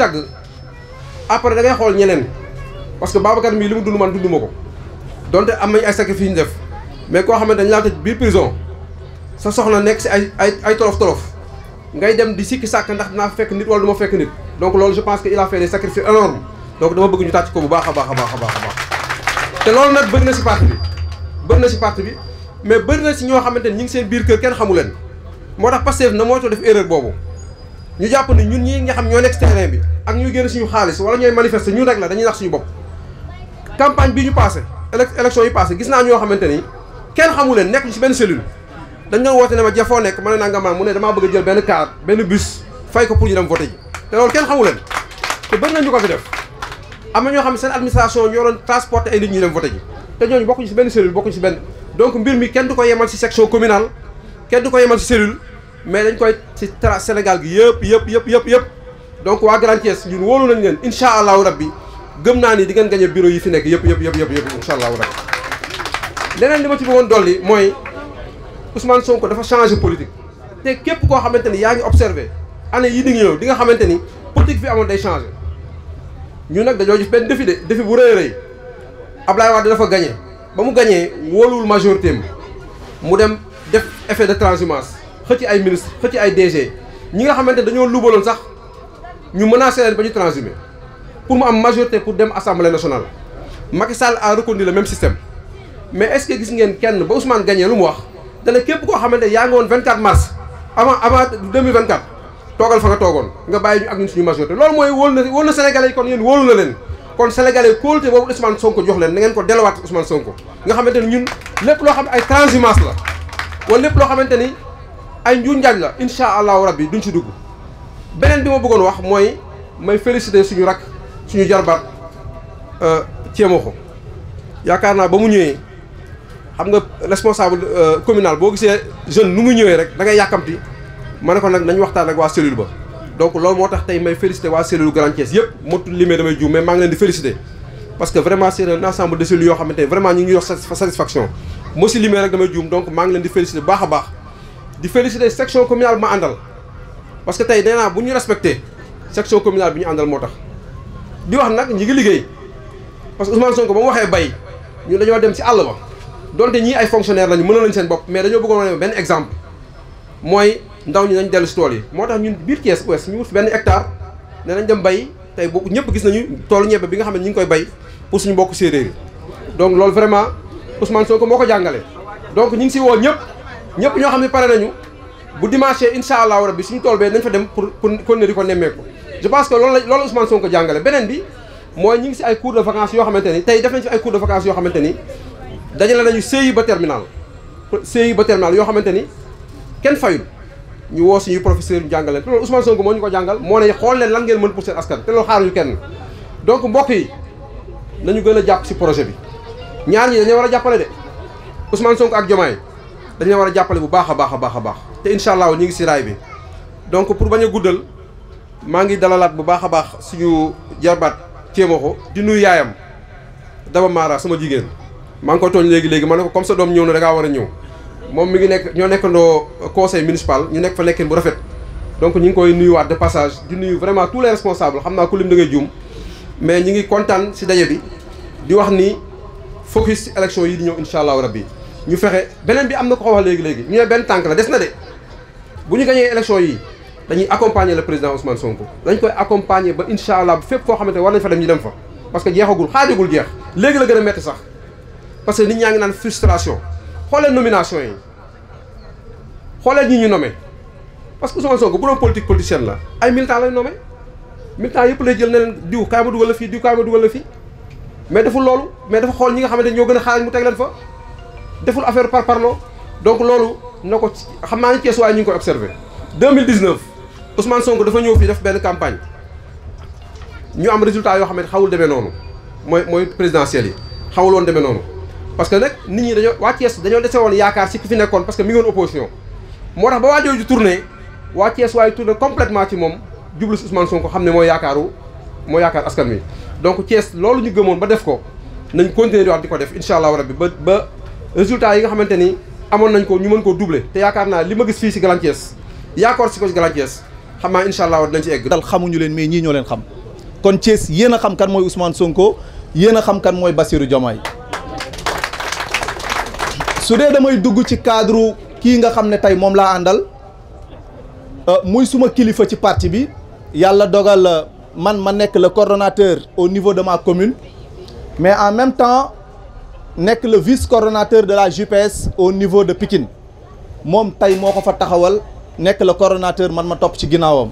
dagg après da ngay xool ñeneen parce que Babacar mii li mu dund man dund ma ko donte am nañ ay sacrifice ñu def mais koo xam ne dañ laa tëj biir prison sa soxna nekk si ay ay ay tolof tolof ngay dem di sikki sàkk ndax dinaa fekk nit wala du ma fekk nit donc loolu je pense que il a fait des sacrifices énormes donc dama bëgg ñu tàcc ko bu baax a baax a baax baax te loolu nag bëgg na si parti bi bëgg na si part bi mais bëri na si ñoo xamante ni ñu ngi seen biir kër kenn xamu leen moo tax Pastef na moo tax def erreur boobu ñu jàpp ne ñun ñi nga xam ñoo nekk terrain bi ak ñuy génn suñu xaalis wala ñooy manifester ñun rek la dañuy nax ñu bopp campagne bi ñu passé élection yi passé gis naa ñoo xamante ni kenn xamu leen nekk ñu si benn cellule dañ doon woote ne ma jafoo nekk ma ne nanga ma mu ne damaa bëgg a jël benn kaar benn bus fay ko pour ñu dem voté ji te loolu kenn xamu te bëri nañu ko fi def am na ñoo xam seen administration ñoo doon transporter ay nit ñuy dem voté ji benn cellule bokkuñu si benn donc mbir mi kenn du ko yemal si section communale kenn ko yemal si cellule mais dañ koy ci tra Sénégal gi yëpp yëpp yëpp yëpp yëpp donc waa Grand Thiès ñun wóolu nañ leen incha allahu bi gëm naa ni di ngeen gañe bureau yi fi nekk yëpp yëpp yëpp yëpp yëpp incha allahu rabbi leneen li ma ci bëggoon dolli mooy Ousmane Sonko dafa changé politique te képp koo xamante ni yaa ngi observé année yi di ñëw di nga xamante ni politique fi amoon day changé ñu nag dañoo def benn défi de défi bu rëy rëy Ablaye Wade dafa gagné ba mu gañee wóoluwul majorité mu dem def effet de transhumance xëcc ay ministre xëcc ay DG ñi nga xamante dañoo luubaloon sax ñu menacé leen ba ñu transhumé pour mu am majorité pour dem assemblée nationale Macky a reconduit le même système mais est gis ngeen kenn ba Ousmane Gagné lu mu wax dana képp koo xamante yaa ngi woon 24 mars avant avant 2024 toogal fa nga toogoon nga bàyyi ñu ak ñun suñu majorité loolu mooy wóolu na wóolu na sénégalais yi kon yéen wóolu na leen kon sénégalais kóolute boobu Ousmane Sonko loo xam ne ni ay nju njaaj la incha allahu rabbi duñ si dugg beneen bi ma bëggoon wax mooy may féliciter suñu rak suñu jarbaat euh, Thiemokho yaakaar naa ba mu ñëwee xam nga responsable euh, communal boo gisee jeune nu mu ñëwee rek da ngay yàkkamti ma ne ko nag nañu waxtaan ak waa cellule ba donc loolu moo tax tey may féliciter waa cellule Grand Thiès yëpp motul limee damay juum mais maa ngi leen di féliciter parce que vraiment c'est un ensemble yoo xamante ne vraiment ñu di féliciter section communale bi ma àndal parce que tey nee naa ñu respecté section communale bi ñu àndal moo tax di wax nag ñi ngi liggéey parce que Ousmane Sonko ba mu waxee bay ñun dañoo dem ci àll ba donte ñii ay fonctionnaire lañu mënal lañu seen bopp mais dañoo bëggoon a benn exemple mooy ndaw ñi nañ dellu si tool yi moo tax ñun biir Thiès ouest ñu wut benn hectare ne nañ dem bay tey bu ñëpp gis nañu toolu ñebe bi nga xam ne ñu ngi koy bay pour suñu mbokk séeréer yi donc loolu vraiment Ousmane Sonko moo ko jàngale donc ñu ngi si woo ñëpp ñëpp ñoo xam ne pare nañu bu dimanche incha allahu rabbi suñu tool bee nañ fa dem pour pour continuer di ko nemmeeku je pense que loolu la loolu Ousmane Sonko ko jàngale beneen bi mooy ñu ngi si ay cours de vacances yoo xamante ni tey def nañ si ay cours de vacances yoo xamante ni dajale nañu CI ba terminal CI ba terminal yoo xamante ni kenn fayul ñu woo suñuy professeur ñu jàngal leen te loolu Ousmane Sonko moo ñu ko jàngal moo ne xool leen lan ngeen mën pour seen askan te loolu xaaruñu yi nañu gën a jàpp si projet bi ñaar ñi dañoo war a jàppale de Ousmane Sonko ak Diomaye dañ leen war a jàppale bu baax a baax a baax baax te incha allah ñu ngi si raay bi donc pour bañ a guddal maa ngi dalalaat bu baax a baax suñu jarbaat Thiemokho di nuyu yaayam Daba Mara sama jigéen maa ngi ko tooñ léegi léegi ma ne ko comme sa doom ñëw na da war a ñëw moom mi ngi nekk ñoo nekkandoo conseil municipal ñu nekk fa nekkin bu rafet donc ñu ngi koy nuyuwaat de passage di nuyu vraiment tous les responsables xam naa ku lim da ngay juum mais ñu ngi kontaan si daje bi di wax ni focus ci élection yi di ñëw incha allah rabbi ñu fexe beneen bi am na ko ko wax léegi-léegi ñu ne benn tànk la des na de bu ñu gañee élection yi dañuy accompagner le président Ousmane Sonko dañ koy accompagner ba incha allah fépp foo xamante war nañ fa dem ñu dem fa parce que jeexagul xaajagul jeex léegi la gën a metti sax parce que nit ñaa ngi naan frustration xoolee nomination yi xoolee ñii ñu nome parce que Ousmane Sonko bu doon politique politicienne la ay militants lay nommé militants yëpp lay jël ne leen diw kaay ma dugal fii diw kaay ma dugal la fii mais dafa loolu mais ñi nga xamante ñoo gën a xaarañ mu teg leen fa deful affaire par parlo donc loolu na ko xam naa ne Cees waaye ñu ngi koy observé 2019 Ousmane Sonko dafa ñëw fi def benn campagne ñu am résultat yoo xam ne xawul demee noonu mooy mooy présidentielles yi xawul woon deme noonu parce que nag nit ñi dañoo waa Thiès dañoo dese woon yaakaar ci ki fi nekkoon parce que mi ngi woon opposition moo tax ba waa jooju tourné waa Thiès waaye tourné complètement ci moom jublu si Ousmane Sonko xam ne mooy yaakaaru moo yaakaar askan wi donc Thiès loolu ñu gëmoon ba def ko nañ continuer di di ko def incha allah rabbi ba ba résultat yi nga xamante ni amoon nañ ko ñu mën koo doubler te yaakaar naa li ma gis fii si Grand Thiès yaakaar si ko si Grand Thiès xam naa incha allah dinañ ci egg. dal xamuñu leen mais ñii ñoo leen xam kon Thiès yéen a xam kan mooy Ousmane Sonko yéen a xam kan mooy Bassirou Diomaye su dee damay dugg ci cadre kii nga xam ne tey moom laa àndal euh, muy suma kilifa ci parti bi yàlla dogal euh, man ma nekk le coordonnateur au niveau de ma commune mais en même temps. nekk le vice cordonateur de la JPS au niveau de Pikine moom tey moo ko fa taxawal nekk la coordonnateur man ma topp ci ginnaawam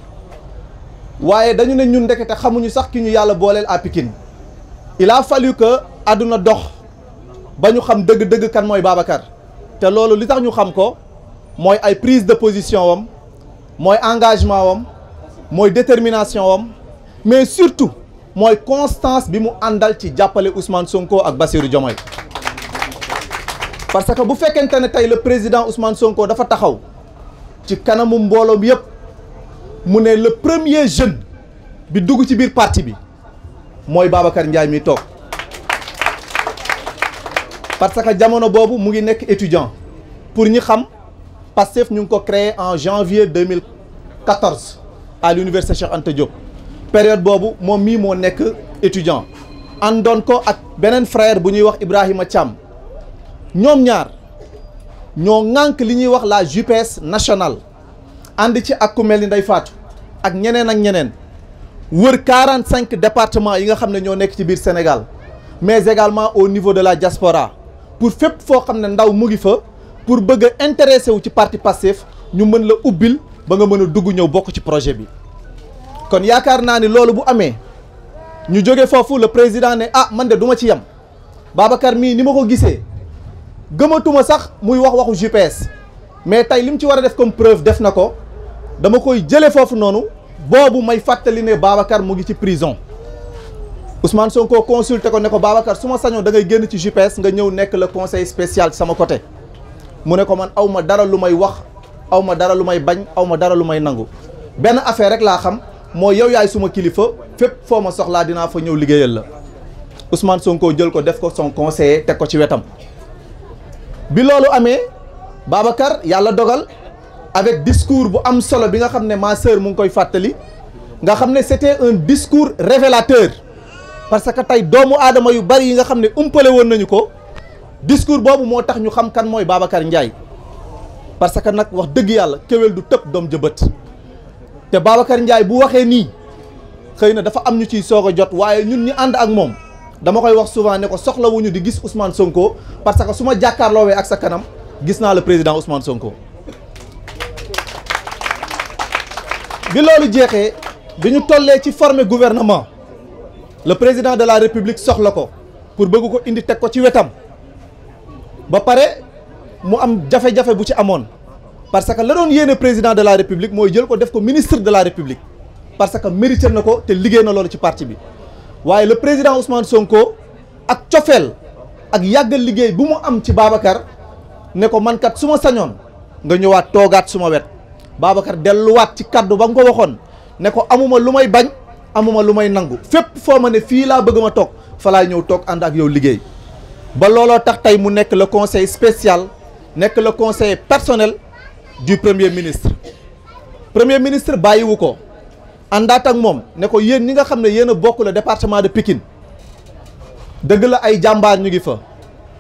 waaye dañu ne ñun ndekete xamuñu sax ki ñu yàlla booleel à Pikine il a que àdduna dox ba ñu xam dëgg-dëgg kan mooy Babacar te loolu li tax ñu xam ko mooy ay prise de position wam mooy engagement wam mooy détermination wam mais surtout mooy constance bi mu àndal ci jàppale Ousmane Sonko ak Bassirou Diomaye parce que bu fekkente ne tey le président Ousmane Sonko dafa taxaw ci kanamu mbooloom yépp mu ne le premier jeune bi dugg ci biir parti bi mooy Babacar Ndiaye mi toog parce que jamono boobu mu ngi nekk étudiant pour ñi xam Pastef ñu ngi ko créé en janvier 2014 à l'université Cheikh Anta Diop période boobu moom mii moo nekk étudiant àndoon ko ak beneen frère bu ñuy wax Ibrahima Thiam ñoom ñaar ñoo ŋànk li ñuy wax la JPS national ànd ci ak ku mel ni Ndeye Fatou ak ñeneen ak ñeneen wër 45 départements yi nga xam ne ñoo nekk ci biir Sénégal mais également au niveau de la diaspora pour fépp foo xam ne ndaw mu ngi fa pour bëgg a intéressé wu ci parti Pastef ñu mën la ubbil ba nga mën a dugg ñëw bokk ci projet bi kon yaakaar naa ni loolu bu amee ñu jóge foofu la président ne ah man de duma ci yem Babacar mii ni ma ko gisee gëmatuma sax muy wax waxu GPS mais tey li mu ci war a def comme preuve def na ko dama koy jële foofu noonu boobu may fàttali ne Babacar mu ngi ci prison Ousmane Sonko consulté ko ne ko Babacar su ma sañoo da ngay génn ci GPS nga ñëw nekk la conseil spécial sama côté mu ne ko man aw ma dara lu may wax aw ma dara lu may bañ aw ma dara lu may nangu benn affaire rek laa xam moo yow yaay suma kilifa fépp foo ma soxlaa dinaa fa ñëw liggéeyal la Ousmane Sonko jël ko def ko son conseiller teg ko ci wetam. bi loolu amee Babacar yàlla dogal avec discours bu am solo bi nga xam ne ma sœur mu ngi koy fàttali nga xam ne c'était un discours révélateur parce que tey doomu aadama yu bari yi nga xam ne umpale woon nañu ko discours boobu moo tax ñu xam kan mooy Babacar Ndiaye parce que nag wax dëgg yàlla kéwél du tëb doom jëbët te Babacar Ndiaye bu waxee nii xëy na dafa am ñu ciy soog a jot waaye ñun ñu ànd ak moom dama koy wax souvent ne ko soxlawuñu di gis Ousmane Sonko parce que su ma jàkkaarloowee ak sa kanam gis naa le président Ousmane Sonko. bi loolu jeexee bi ñu tollee ci former gouvernement le président de la république soxla ko pour bëgg ko indi teg ko ci wetam ba pare mu am jafe-jafe bu ci amoon parce que la doon yéene président de la république mooy jël ko def ko ministre de la république parce que mérité na ko te liggéey na loolu ci parti bi. waaye le président Ousmane Sonko ak cofeel ak yàggal liggéey bu mu am ci Babacar ne ko man kat su ma sañoon nga ñëwaat toogaat suma wet Babacar delluwaat ci kaddu ba nga ko waxoon ne ko amuma lu may bañ amuma lu may nangu fépp foo ma ne fii laa bëgg ma toog fa laa ñëw toog ànd ak yow liggéey ba looloo tax tey mu nekk la conseil spécial nekk la conseil personnel du premier ministre premier ministre bàyyiwu ko. àndaat ak moom ne ko yéen ñi nga xam ne yéen a bokk le département de Pikine dëgg la ay jàmbaar ñu ngi fa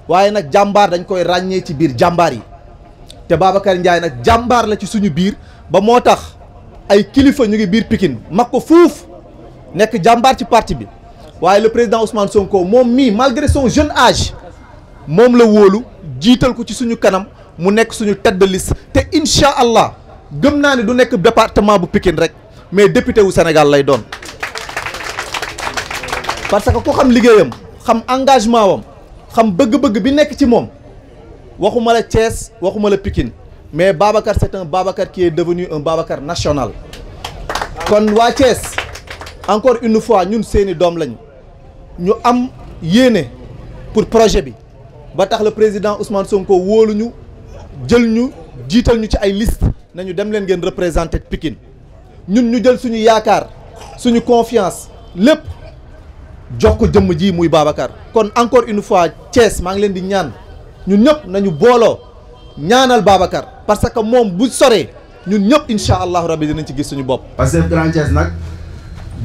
waaye nag jàmbaar dañ koy ràññee ci biir jàmbaar yi te Babacar Ndiaye nag jàmbaar la ci suñu biir ba moo tax ay kilifa ñu ngi biir pikin mag ko fuuf nekk jàmbaar ci parti bi waaye le président Ousmane Sonko moom mii malgré son jeune age moom la wóolu jiital ko ci suñu kanam mu nekk suñu tête te incha allah gëm naa ne du nekk département bu Pikine rek. mais député wu Sénégal lay doon parce que ku xam liggéeyam xam engagement wam xam bëgg-bëgg bi nekk ci moom waxuma la Thiès waxuma la Pikine mais Babacar c'est un Babacar qui est un Babacar national kon waa Thiès encore une fois ñun seeni doom lañu ñu am yéene pour projet bi ba tax le président Ousmane Sonko wóolu ñu jël ñu jiital ñu ci ay liste nañu dem leen ngeen représenter Pikine ñun ñu jël suñu yaakaar suñu confiance lépp jox ko jëmm ji muy Babacar kon encore une fois Thiès maa ngi leen di ñaan ñun ñëpp nañu booloo ñaanal Babacar parce que moom bu soree ñun ñëpp incha allahu rabbi dinañ ci gis suñu bopp. parce que Grand Thiès nag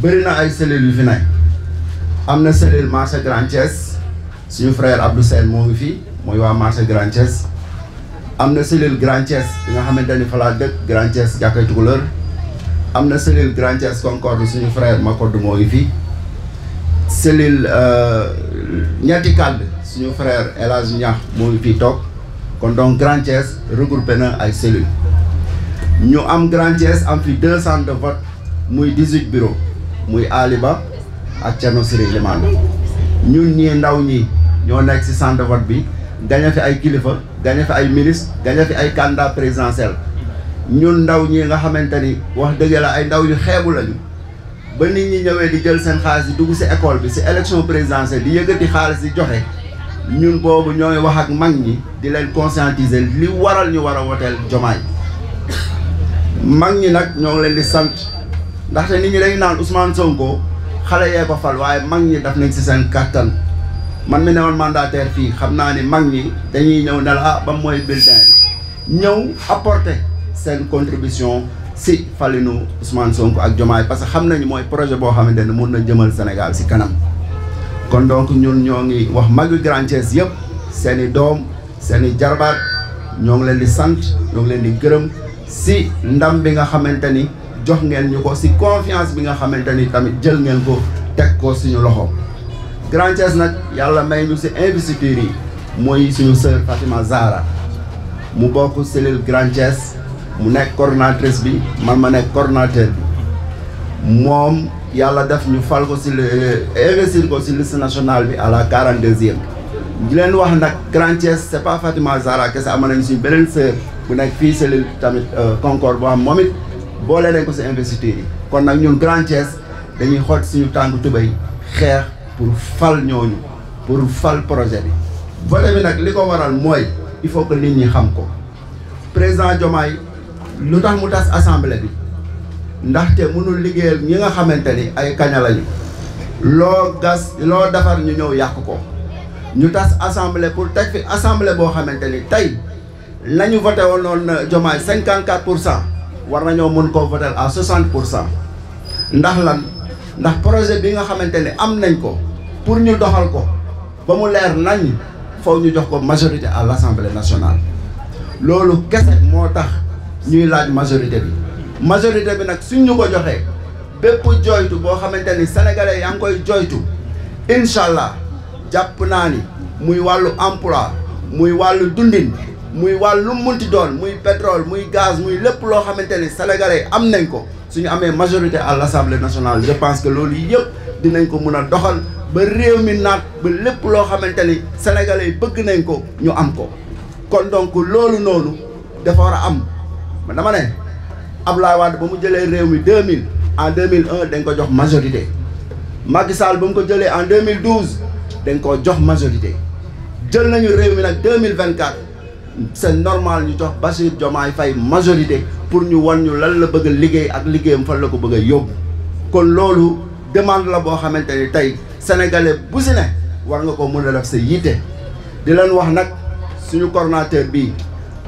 bëri na ay cellules yu fi nekk am na cellule marché Grand Thiès suñu frère Abdou Seye moo ngi fi mooy waa marché Grand Thiès am na cellule Grand Thiès bi nga xamante ni fa laa dëkk Grand Thiès jàkkay Tukulër am na cellule Grand Thiès Concorde suñu frère Makodou moo ngi fii cellule ñetti euh, kàdd suñu frère El Hadj Niakh moo ngi fii toog kon donc Grand Thiès na ay cellules ñu am Grand Thiès am fi deux centres vote muy dix-huit muy Aliba ak Thierno Siré Limane ñun ñii ndaw ñi ñoo nekk ci centre de vote bi gañe fi ay kilifa gañe fi ay ministre gañe fi ay candidat présidentiel ñun ndaw ñi nga xamante ni wax dëgg la ay ndaw yu xeebu lañu ba nit ñi ñëwee di jël seen xaalis di dugg si école bi si élection présidentielle di yëkkati xaalis di joxe ñun boobu ñooy wax ak mag ñi di leen conscientiser li waral ñu war a woteel jomaay mag ñi nag ñoo ngi leen di sant ndaxte nit ñi dañu naan Ousmane Sonko xale yee ko fal waaye mag ñi daf nañ ci seen kàttan man mi newoon mandataire fii xam naa ni mag ñi dañuy ñëw ne la ah ba mooy bulletin ñëw apporter. seen contribution si falinu Ousmane Sonko ak Diomaye parce que xam nañu mooy projet boo xamante ne mun na jëmal Sénégal si kanam kon donc ñun ñoo ngi wax mag Grand Thiès yëpp seen i doom seen i jarbaat ñoo ngi leen di sant ñoo ngi leen di gërëm si ndam bi nga xamante ni jox ngeen ñu ko si confiance bi nga xamante ni tamit jël ngeen ko teg ko suñu loxo Grand Thiès nag yàlla may ñu si investiture yi mooy suñu sœur Fatima Zahra mu bokk cellule Grand mu nekk coordonnatrice bi man ma nekk coordonnateur bi moom yàlla def ñu fal ko si le investir ko si liste nationale bi à la quarante deuxième ñu leen wax nag Grand Thiès c'est pas Fatima Zahra kese amoon suñu beneen sœur bu nekk fii cellule tamit euh, Concorde boo am moom it boole ko si investiture yi kon nag ñun Grand Thiès dañuy xool suñu tànk tubéy xeex pour fal ñooñu pour fal projet bi vote bi nag li ko waral mooy il faut que nit ñi xam ko président Diomaye lu tax mu tas assemblée bi ndaxte mënul liggéeyal ñi nga xamante ni ay kaña loo gas loo defar ñu ñëw yàq ko ñu tas assemblée pour teg fi assemblée boo xamante ni tey nañu voté woon noonu jomaay cinquante quatre pour cent war nañoo mën koo voté à soixante pour cent ndax lan ndax projet bi nga xamante ni am nañ ko pour ñu doxal ko ba mu leer nañ faw ñu jox ko majorité à l'Assemblée nationale loolu kese moo tax ñuy laaj masorité bi masorité bi nag suñ ko joxee bépp joytu boo xamante ni sénégalais yaa ngi koy joytu incha allah jàpp naa ni muy wàllu emploi muy wàllu dundin muy wàllu munti doon muy pétrole muy gaz muy lépp loo xamante ni sénégalais am nañ ko suñu amee majorité à l'Assemblée nationale je pense que loolu yëpp dinañ ko mun a doxal ba réew mi naat ba lépp loo xamante ni yi bëgg nañ ko ñu am ko kon donc loolu noonu dafa a am man dama ne Abdoulaye Wade ba mu jëlee réew mi 2000 en 2001 dañ ko jox majorité Macky Sall ba mu ko jëlee en 2012 dañ koo jox majorité jël nañu réew mi nag 2024 c'est normal ñu jox Bassirou Diomaye fay majorité pour ñu won ñu lan la bëgg liggéey ak liggéeyam fan la ko bëgg a yóbbu kon loolu demande la boo xamante ni tey sénégalais bu si ne war nga ko mën a def sa yitte di leen wax nag suñu coordonnateur bi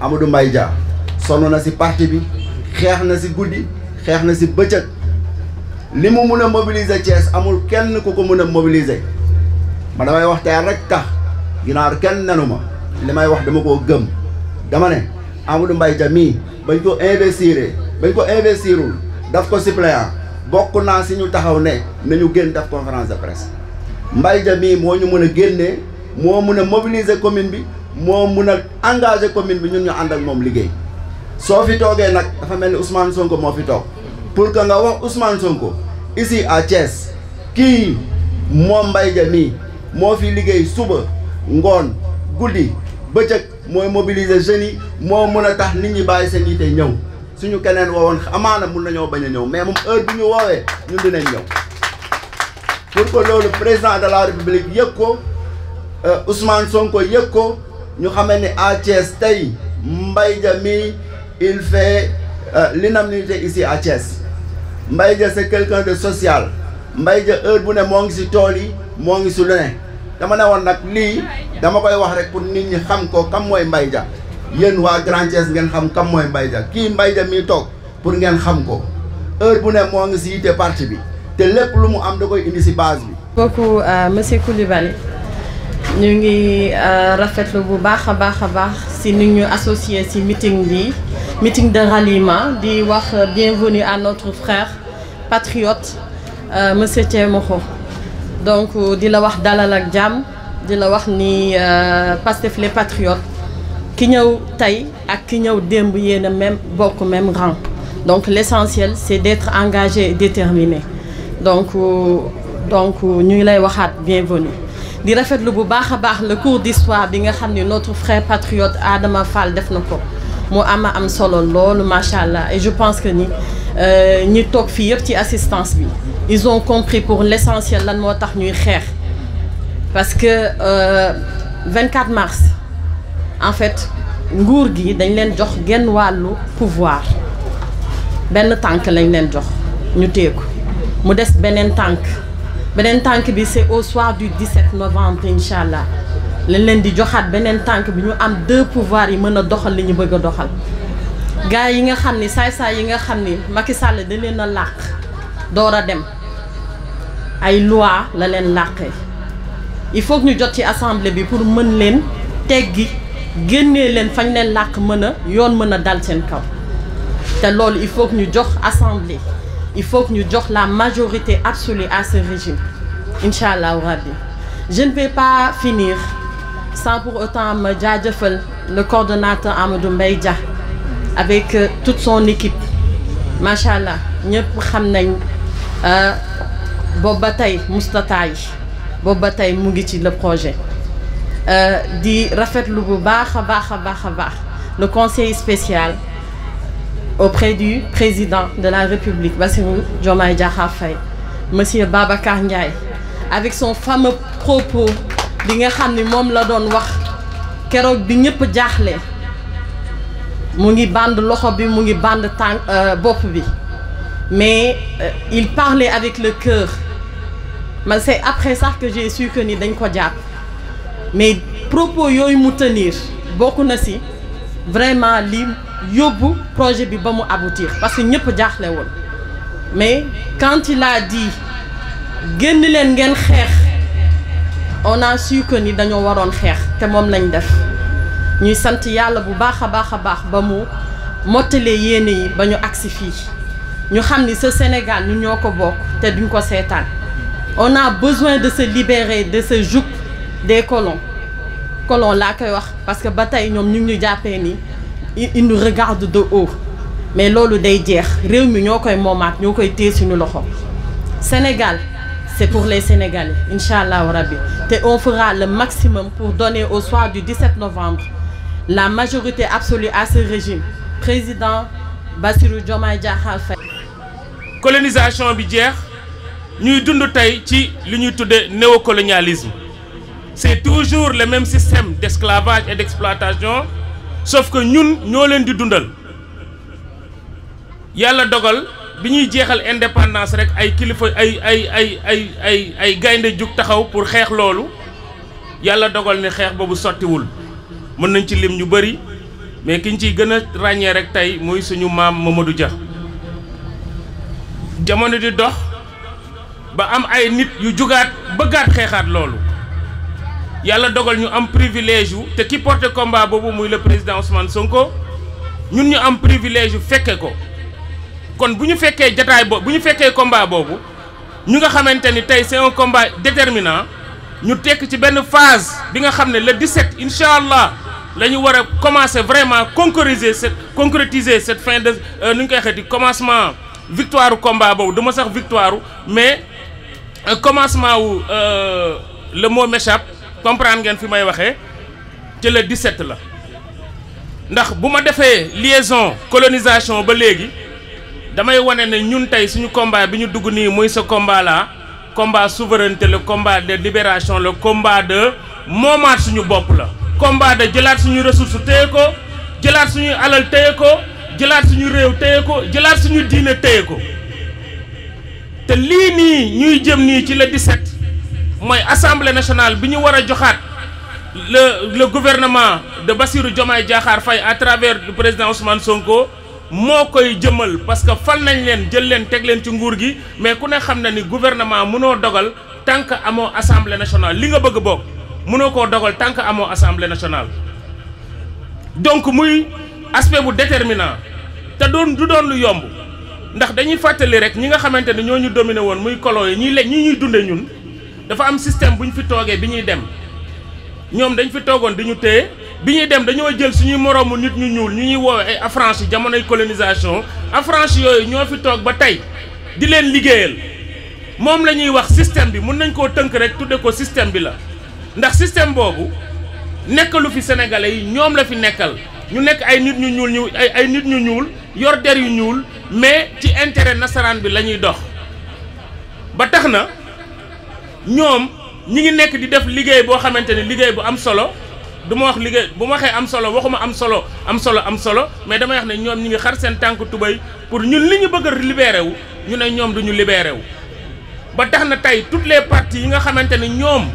Amadou Mbaye Dia sonn na si parti bi xeex na si guddi xeex na si bëccëg li mu mun a mobiliser Thiès amul kenn ku ko mën a mobiliser ma damay wax tey tax ginaar kenn nenu ma li may wax dama koo gëm dama ne Amadou Mbaye Dia mii bañ ko investir bañ ko investirul daf ko suppléant bokk naa si ñu taxaw ne nañu génn def conférence de presse Mbaye Dia moo ñu mën a génnee moo mun a mobiliser commune bi moo mun a engager commune bi ñun ñu ànd ak moom liggéey soo fi toogee nag dafa mel ni Ousmane Sonko moo fi toog pour que nga wax Ousmane Sonko ici à Thiès kii moom mbay Dia mii moo fi liggéey suba ngoon guddi bëccëg mooy mobiliser jeunes yi moo mën a tax nit ñi bàyyi seen yitte ñëw suñu keneen woowoon amaana mun nañoo bañ a ñëw mais moom heure bi ñu woowee ñun dinañ ñëw pour que loolu président de la république yëg ko euh, Ousmane Sonko yëg ko ñu xamee ni à Thiès tey Mbaye Dia il fait euh, l'unanimité ici à Thiès Mbaye Dia c'est quelqu'un de social Mbaye Dia heure bu ne moo ngi si tool yi moo ngi si lu ne dama ne woon nag lii dama koy wax rek pour nit ñi xam ko kam mooy Mbaye Dia yéen waa Grand Thiès ngeen xam kam mooy Mbaye Dia kii Mbaye Dia mii toog pour ngeen xam ko heure bu ne moo ngi si yite parti bi te lépp lu mu am da koy indi si base bi. beaucoup monsieur Coulibaly ñu ngi euh, rafetlu bu baax a baax a baax si ni ñu associé si meeting bi. meeting de ralliement di wax bienvenue à notre frère patriote euh, monsieur Thiemokho donc euh, di la wax dalal ak jàmm di la wax ni euh, Pastef les patriotes ki ñëw tey ak ki ñëw démb yéen a même bokk même rang donc l'essentiel c'est d'être engagé et déterminé donc donc ñu ngi lay waxaat bienvenue di rafetlu bu baax a baax le cours d'histoire bi nga xam ne notre frère patriote aadama Fall def na ko mu ama am solo loolu macha allah et je pense que ni euh, ñi toog fii yëpp ci assistance bi ils ont compris pour l'essentiel lan moo tax ñuy xeex parce que euh, 24 mars en fait nguur gi dañ leen jox genn wàllu pouvoir benn tànk lañ leen jox ñu téeku mu des beneen tànk beneen tànk bi c'est au soir du 17 novembre incha allah lañ leen di joxaat beneen tànk bi ñu am deux pouvoirs yi mën a doxal li ñu bëgg a doxal gars yi nga xam ni saay-saay yi nga xam ni Macky Sall da leen a làq door a dem ay loi la leen làqee il faut ñu jot ci assemblée bi pour mën leen teggi génnee leen fañ leen làq mën a yoon mën a dal seen kaw te loolu il faut ñu jox assemblée il faut ñu jox la majorité absolue à ce régime incha allahu rabbi je ne vais finir sans pour autant ma jaajëfal le coordonnateur Amadou mbay Dia avec euh, toute son équipe macha allah ñëpp xam nañ euh, boobu ba tey mustataay boobu ba tey mu ngi ci le projet euh, di rafetlu bu baax a baax a baax a baax le conseil spécial auprès du président de la République Bassirou Diomaye Diakhar Faye monsieur Babacar Ndiaye avec son fameux propos li nga xam ni moom la doon wax keroog bi ñëpp jaaxle mu ngi band loxo bi mu ngi band tànk euh, bopp bi mais euh, il parlait avec le cœur man c'est après ça que j'ai su que ni dañ ko jàpp mais propos yooyu mu tenir bokk na si vraiment li yóbbu projet bi ba mu aboutir parce que ñëpp jaaxle woon mais quand il génn leen ngeen xeex on a su que ni dañoo waroon xeex te moom lañ def ñuy sant yàlla bu baax a baax a baax ba mu mottalee yéene yi ba ñu agsi fii ñu xam ni sa Sénégal ñu ñoo ko bokk te duñ ko seetaan on a besoin de se libérer de ce joug de colons colons laa koy wax parce que ba tey ñoom ñu ngi jàppee ni ils nous regardent de haut mais loolu day jeex réew mi ñoo koy moomaat ñoo koy téye suñu loxo Sénégal c'est pour les Sénégalais, Inch'Allah Rabbi. Et on fera le maximum pour donner au soir du 17 novembre la majorité absolue à ce régime. Président Bassirou Diomaye Diakhar Faye. colonisation bi jeex ñuy dund tey ci li ñuy tudde néocolonialisme c'est toujours le même système d'esclavage et d'exploitation sauf que ñun ñoo leen di dundal yàlla dogal bi ñuy jeexal indépendance rek ay kilifa ay ay ay ay ay ay gaynde jug taxaw pour xeex loolu yàlla dogal ni xeex boobu sottiwul mën nañ ci lim ñu bëri mais ki ñu ciy gën a ràññee rek tey muy suñu maam Mamadou Dia jamono di dox ba am ay nit yu jugaat bëggaat xeexaat loolu yàlla dogal ñu am privilège yu te ki porte combat boobu muy la président Ousmane Sonko ñun ñu am privilège yu fekke ko kon bu ñu fekkee jataay boobu bu ñu fekkee combat boobu ñu nga xamante ni tey c'est un combat déterminant ñu tekk ci benn phase bi nga xam ne le 17 incha allah la ñu war a commencer vraiment concrétiser cette concrétiser fin de euh, nu ñu koy xeeti commencement victoire comba boobu dama sax victoire mais euh, commencement wu euh, le moo m'échappe comprendre ngeen fi may waxee ci le 17 la ndax bu ma defee liaison colonisation ba léegi. damay wane ne ñun tey suñu combat bi ñu dugg nii muy sa combat la combat souveraineté la combat de libération la combat de moomaat suñu bopp la combat de jëlaat suñu ressource téye ko jëlaat suñu alal téye ko jëlaat suñu réew téye ko jëlaat suñu diine teye ko te lii nii ñuy jëm nii ci le 17 mooy assemblée nationale bi ñu war a joxaat le le gouvernement de Bassirou Diomaye Diakhar fay à travers le président Ousmane Sonko moo koy jëmal parce que fal nañ leen jël leen teg leen ci nguur gi mais ku ne xam na ni gouvernement mënoo dogal tant que amoo assemblée national li nga bëgg bokk mënoo koo dogal tant que amoo assemblée nationale. donc muy aspect bu déterminant te doon du doon lu yomb ndax dañuy fàttali rek ñi nga xamante ne ñoo ñu dominé woon muy colon yi ñuy lekk ñi ñuy dundee ñun dafa am système bu ñu fi toogee bi ñuy dem ñoom dañ fi toogoon di ñu téye. bi ñuy dem dañoo jël suñu moroomu nit ñu ñuul ñu ñuy woowe ay affranchis jamonoy colonisation affranchis yooyu ñoo fi toog ba tey di leen liggéeyal moom la ñuy wax système bi mun nañ koo tënk rek tudde ko système bi la ndax système boobu nekkalu fi sénégalais yi ñoom la fi nekkal ñu nekk ay nit ñu ñuul ñu ay ay nit ñu ñuul yor der yu ñuul mais ci intérêt nasaraan bi lañuy dox ba tax na ñoom ñi ngi nekk di def liggéey boo xamante ne liggéey bu am solo du ma wax liggéey bu ma waxee am solo waxuma am solo am solo am solo mais damay wax ne ñoom ñi ngi xar seen tànk tubéy pour ñun li ñu bëgg a libéré ñu ne ñoom duñu libéré wu. ba tax na tey toutes les parties yi nga xamante ne ñoom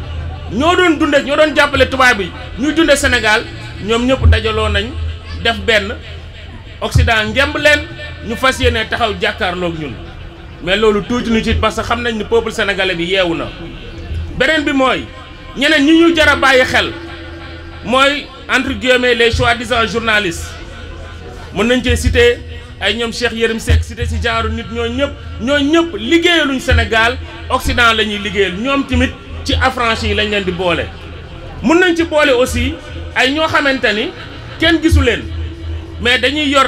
ñoo doon dundee ñoo doon jàppale tubaab bi ñuy dundee Sénégal ñoom ñëpp dajaloo nañ def benn Occident ngemb leen ñu fas yéene taxaw jàkkaarloog ñun. mais loolu tuuti ñu ci parce que xam nañ ni peuple sénégalais bi yeewu na beneen bi mooy ñeneen ñi ñu jar a bàyyi xel. mooy entre guillemets les soi-disant journalistes mën nañ cee citer ay ñoom Cheikh Yérim Seck cité si genre nit ñoo ñëpp ñoo ñëpp liggéeyaluñ Sénégal Occident la ñuy liggéeyal ñoom tamit ci affranchis yi lañ leen di boole. mën nañ ci boole aussi ay ñoo xamante ni kenn gisu leen mais dañuy yor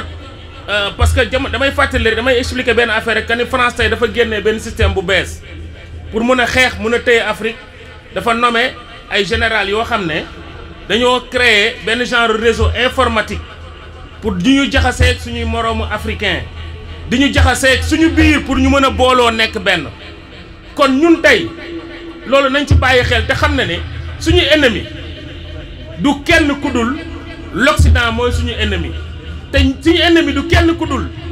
euh, parce que jam damay fàttali damay expliquer benn affaire rek que ni France dafa génnee benn système bu bees pour mën a xeex mën a téye Afrique dafa nommé ay général yoo xam ne. dañoo créer benn genre réseau informatique pour di ñu jaxaseeg suñuy moroomu africain di ñu jaxaseeg suñu biir pour ñu mën a booloo nekk benn kon ñun tey loolu nañ ci bàyyi xel te xam na ne suñu ennemi du kenn ku dul l'Occident mooy suñu enemi te suñu ennemi du kenn ku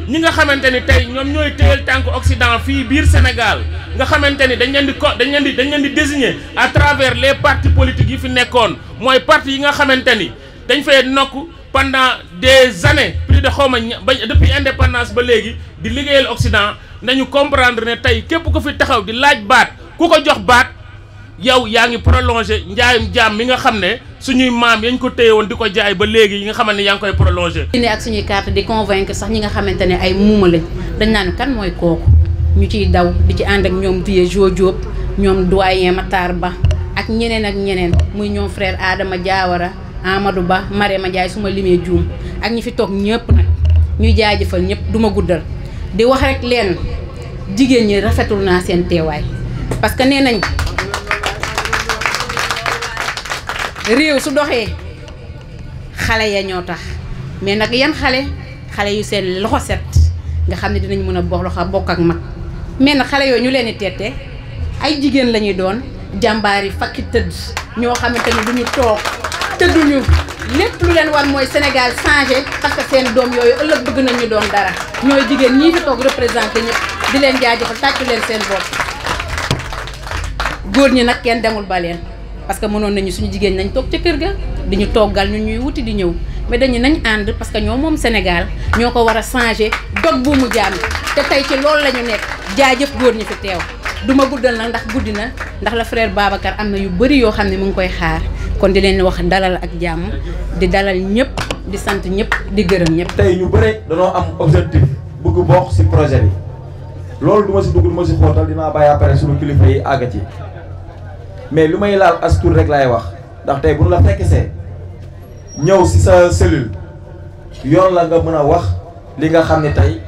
ñi nga xamante ni tey ñoom ñooy téyal tànk Occident fii biir Sénégal nga xamante ni dañ leen di ko dañ leen di dañ leen di désigner à travers les partis politiques yi fi nekkoon mooy parti yi nga xamante ni dañ fay nokk pendant des années plus de xaw ma ba depuis indépendance ba léegi di liggéeyal Occident nañu comprendre ne tey képp ku fi taxaw di laaj baat ku ko jox baat yow yaa ngi prolongé njaayum jaam mi nga xam ne suñuy maam yañ ko téye woon di ko jaay ba léegi yi nga xaman ne yaa ngi koy prolongé. ne ak suñuy carte di convaincre sax ñi nga xamante ne ay muuma lañ dañ naan kan mooy kooku ñu ciy daw di ci ànd ak ñoom Vieux Joob ñoom doyen Matar Ba. ak ñeneen ak ñeneen muy ñoom frère aadama Diawara Amadou Ba Marema Ndiaye su ma limee juum ak ñi fi toog ñëpp nag ñuy jaajëfal ñëpp du ma guddal di wax rek leen jigéen ñi rafetul naa seen teewaay parce que nee nañ réew su doxee xale ya ñoo tax mais nag yan xale xale yu seen loxo set nga xam ne dinañ mën a bokk bokk ak mag mais nag xale yoo ñu leen di teete ay jigéen la ñuy doon jàmbaar yi fakki tëdd ñoo xamante ni duñu ñu toog tëdduñu lépp lu leen war mooy Sénégal changé parce que seen doom yooyu ëllëg bëgg nañu doon dara ñooy jigéen ñii fi toog représenté ñëpp di leen jaajëfal tàccu leen seen bopp góor ñi nag kenn demul ba leen parce que mënoon nañu suñu jigéen nañ toog ci kër ga di ñu toggal ñu ñuy wuti di ñëw mais dañu nañ ànd parce que ñoo moom Sénégal ñoo ko war a changé dog bu mu jaam te tey ci loolu lañu ñu nekk jaajëf góor ñi fi teew du ma guddal nag ndax guddi na ndax la frère Babacar am na yu bëri yoo xam ne mu ngi koy xaar kon di leen wax dalal ak jàmm di dalal ñëpp di sant ñëpp di gërëm ñëpp. tey ñu bëri danoo am objectif bëgg bokk ci projet bi loolu du ma ci dugg du ma ci xóotal dinaa bàyyi après suñu kilifa yi àgg ci mais lu may laal as tuut rek laay wax ndax tey bu ñu la fekk see ñëw ci sa cellule yoon la nga mën a wax li nga xam ne tey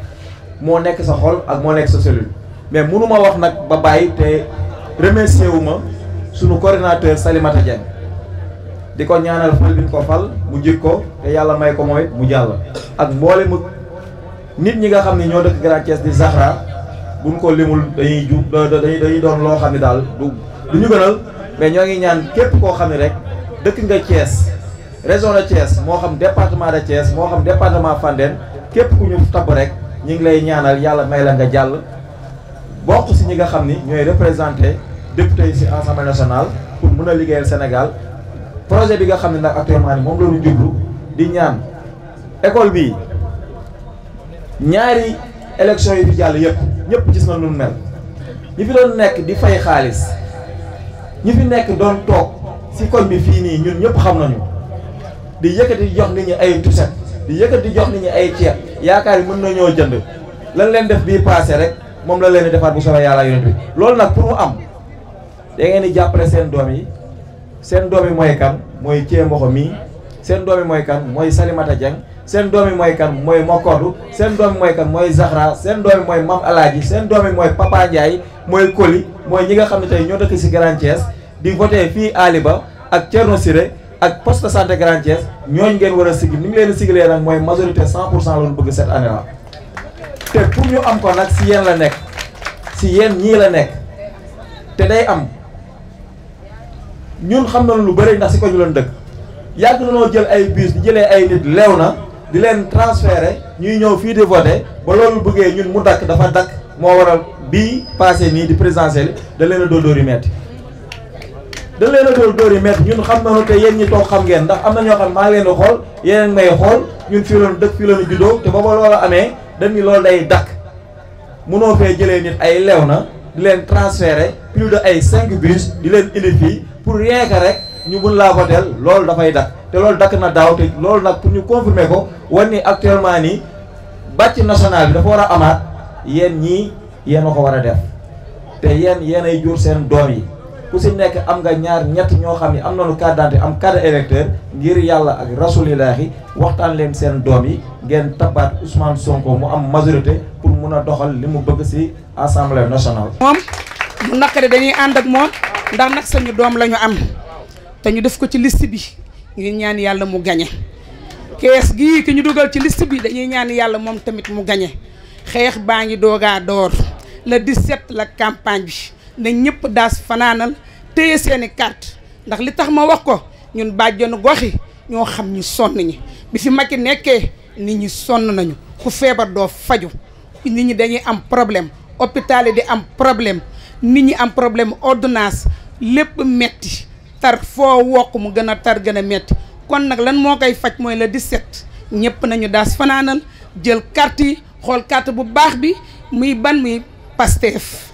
moo nekk sa xol ak moo nekk sa cellule. mais mënu wax nag ba bàyyi te remercier wu ma sunu coordinateur Salimata Dieng di ko ñaanal fal bi ko fal mu jig ko te yàlla may ko mooy mu jàll ak mboole mu nit ñi nga xam ni ñoo dëkk Grand Thiès di Zahra buñ ko limul dañuy ju dañuy dañuy doon loo xam ne daal du du ñu gënal mais ñoo ngi ñaan képp koo xam ne rek dëkk nga Thiès région de Thiès moo xam département de Thiès moo xam département Fandène képp ku ñu tabb rek ñu ngi lay ñaanal yàlla may la nga jàll bokk si ñi nga xam ni ñooy représenté député yi si assemblée nationale pour mun a liggéeyal Sénégal projet bi nga xam ne nag actuellement ni moom la jublu di ñaan école bii ñaari élection yi du jàll yëpp ñëpp gis na lu mel ñi fi doon nekk di fay xaalis ñi fi nekk doon toog si koñ bi fii nii ñun ñëpp xam nañu di yëkkati jox nit ñi ay tuset di yëkkati jox nit ñi ay ceeb yaakaar yi mën nañoo jënd lan leen def bii passé rek moom la leen di defaat bu soobee yàlla yonent bi loolu nag pour mu am da ngeen di jàppale seen doom yi seen doom yi mooy kan mooy Thié Mboxo mii seen doom yi mooy kan mooy Salimata Dieng seen doom yi mooy kan mooy Mokordu seen doom yi mooy kan mooy Zahra seen doom yi mooy Mam Alaaji seen doom yi mooy Papa Ndiaye mooy Koli mooy ñi nga xam ne tey ñoo dëkk si Grand di voté fii Aliba ak Thierno Siré ak poste de santé Grand Thiès ñooñu ngeen war a sigil ni ngi leen di nag mooy majorité bëgg cette année te pour ñu am ko nag si yéen la nekk si yéen ñii la nekk te day am ñun xam nañu lu bari ndax si ko ñu leen dëkk yàgg nañoo jël ay bus di jëlee ay nit leew na di leen transféré ñuy ñëw fii di voté ba loolu bëggee ñun mu dakk dafa dakk moo waral bii passé nii di présidentielle da leen a dóor dóor yu metti da leen a dóor dóor yu metti ñun xam nañu te yéen ñi toog xam ngeen ndax am na ñoo xam maa ngi leen di xool yéen may xool ñun fii la dëkk fii la ñu amee. dañu loolu day dakk munoo fee jëlee nit ay lew na di leen transféré plus de ay cinq bus di leen indi fii pour rien rek ñu mun laa voteel loolu dafay dakk te loolu dakk na daaw te loolu nag pour ñu confirmer ko war ni actuellement nii bàcc national bi dafa war a amaat yéen ñii yéen a ko war a def te yéen yéen ay jur seen doom yi ku si nekk am nga ñaar ñett ñoo xam ne am nañu carte d'identité am carte électeur ngir yàlla ak rasulilahi waxtaan leen seen doom yi ngeen tabaat Ousmane Sonko mu am majorité pour mun a doxal li mu bëgg si assemblée nationale. moom mu naqari dañuy ànd ak moom ndax nag sañu doom lañu am te ñu def ko ci liste bi ngir ñaan yàlla mu gañe kees gii ki ñu dugal ci list bi dañuy ñaan yàlla moom tamit mu gañe xeex baa ngi doogaa door le 17 la campagne bi. na ñëpp daas fanaanal téye seeni carte ndax li tax ma wax ko ñun bàjjenu gox yi ñoo xam ñu sonn ñi bi fi Macky nekkee nit ñi sonn nañu ku feebar doo faju nit ñi dañuy am problème hôpital yi di am problème nit ñi am problème ordonnance lépp metti tar foo wokk mu gën a tar gën a metti kon nag lan moo koy faj mooy la di 17 ñëpp nañu daas fanaanal jël carte yi xool carte bu baax bi muy ban muy Pastef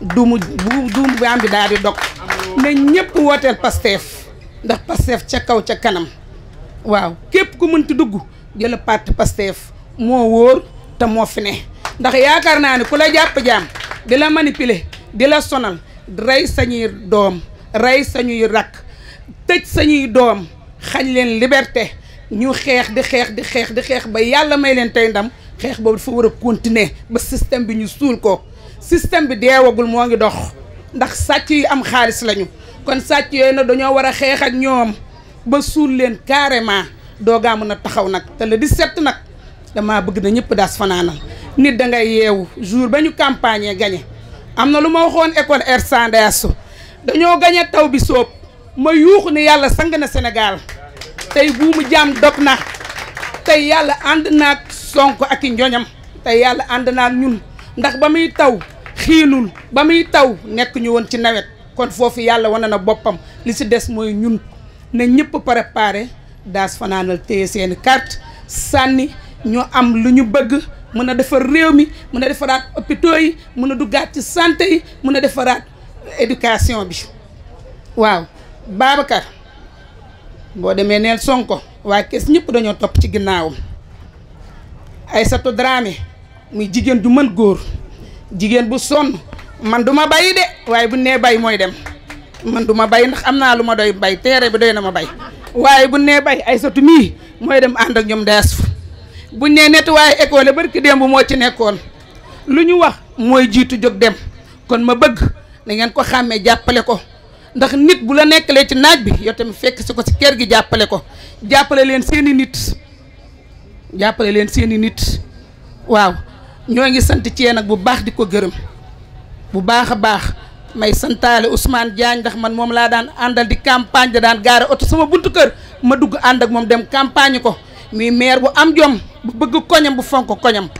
duumu bu duumu bi am bi daal di dog na ñëpp wooteel Pastef ndax Pastef ca kaw ca kanam waaw képp ku mënti dugg jëla parti Pastef moo wóor te moo fi ne ndax yaakaar naa ne ku la jàpp jaam di la manipuler di la sonal rey sañuy doom rey sañuy rakk tëj sañuy doom xañ leen liberte ñu xeex di xeex di xeex di xeex ba yàlla may leen tey ndam xeex boobu dafa war a ba système bi ñu suul ko système bi deewagul moo ngi dox ndax sàcc yi am xaalis lañu kon sàcc yooyu nag dañoo war a xeex ak ñoom ba suur leen carrément doo gàmm na taxaw nag te di set nag damaa bëgg na ñëpp daas fanaanal nit da ngay yeewu jour ba ñu campagne gañe am na lu ma waxoon école R Sandayasu dañoo gañe taw bi soob ma yuuxu ni yàlla sang na Sénégal tey buumu jaam dog na tey yàlla ànd naag sonk ak i njoñam tey yàlla ànd naag ñun ndax ba muy taw xiinul ba muy taw nekk ñu woon ci nawet kon foofu yàlla wane na boppam li si des mooy ñun ne ñëpp préparé daas fanaanal téye seeni carte sànni ñoo am lu ñu bëgg mën a defar réew mi mun a defaraat hôpitaux yi mën a duggaat ci santé yi mën a defaraat éducation bi waaw Babacar boo demee neel Sonko waaye kes ñëpp dañoo topp ci ginnaawam Aïssatou Dramé muy jigéen du mën góor jigéen bu sonn man duma bay de waaye bu nee bay mooy dem man du ma bay ndax am naa lu ma doy bay teere bi doy na ma bay waaye bu nee bay ay sotu mii mooy dem ànd ak ñoom dees buñ nee waaye école barki démb moo ci nekkoon lu ñu wax mooy jiitu jog dem kon ma bëgg dangeen ko xàmmee jàppale ko ndax nit bu la nekkalee ci naaj bi yow tamit fekk si ko si kër gi jàppale ko jàppale leen seeni nit jàppale leen seeni nit waaw ñoo ngi sant ci yéen nag bu baax di ko gërëm bu baax a baax may santaale Ousmane Diagne ndax man moom laa daan àndal di campagne da daan gaare oto sama buntu kër ma dugg ànd ak moom dem campagne ko muy maire bu am jom bu bëgg koñam bu fonk koñam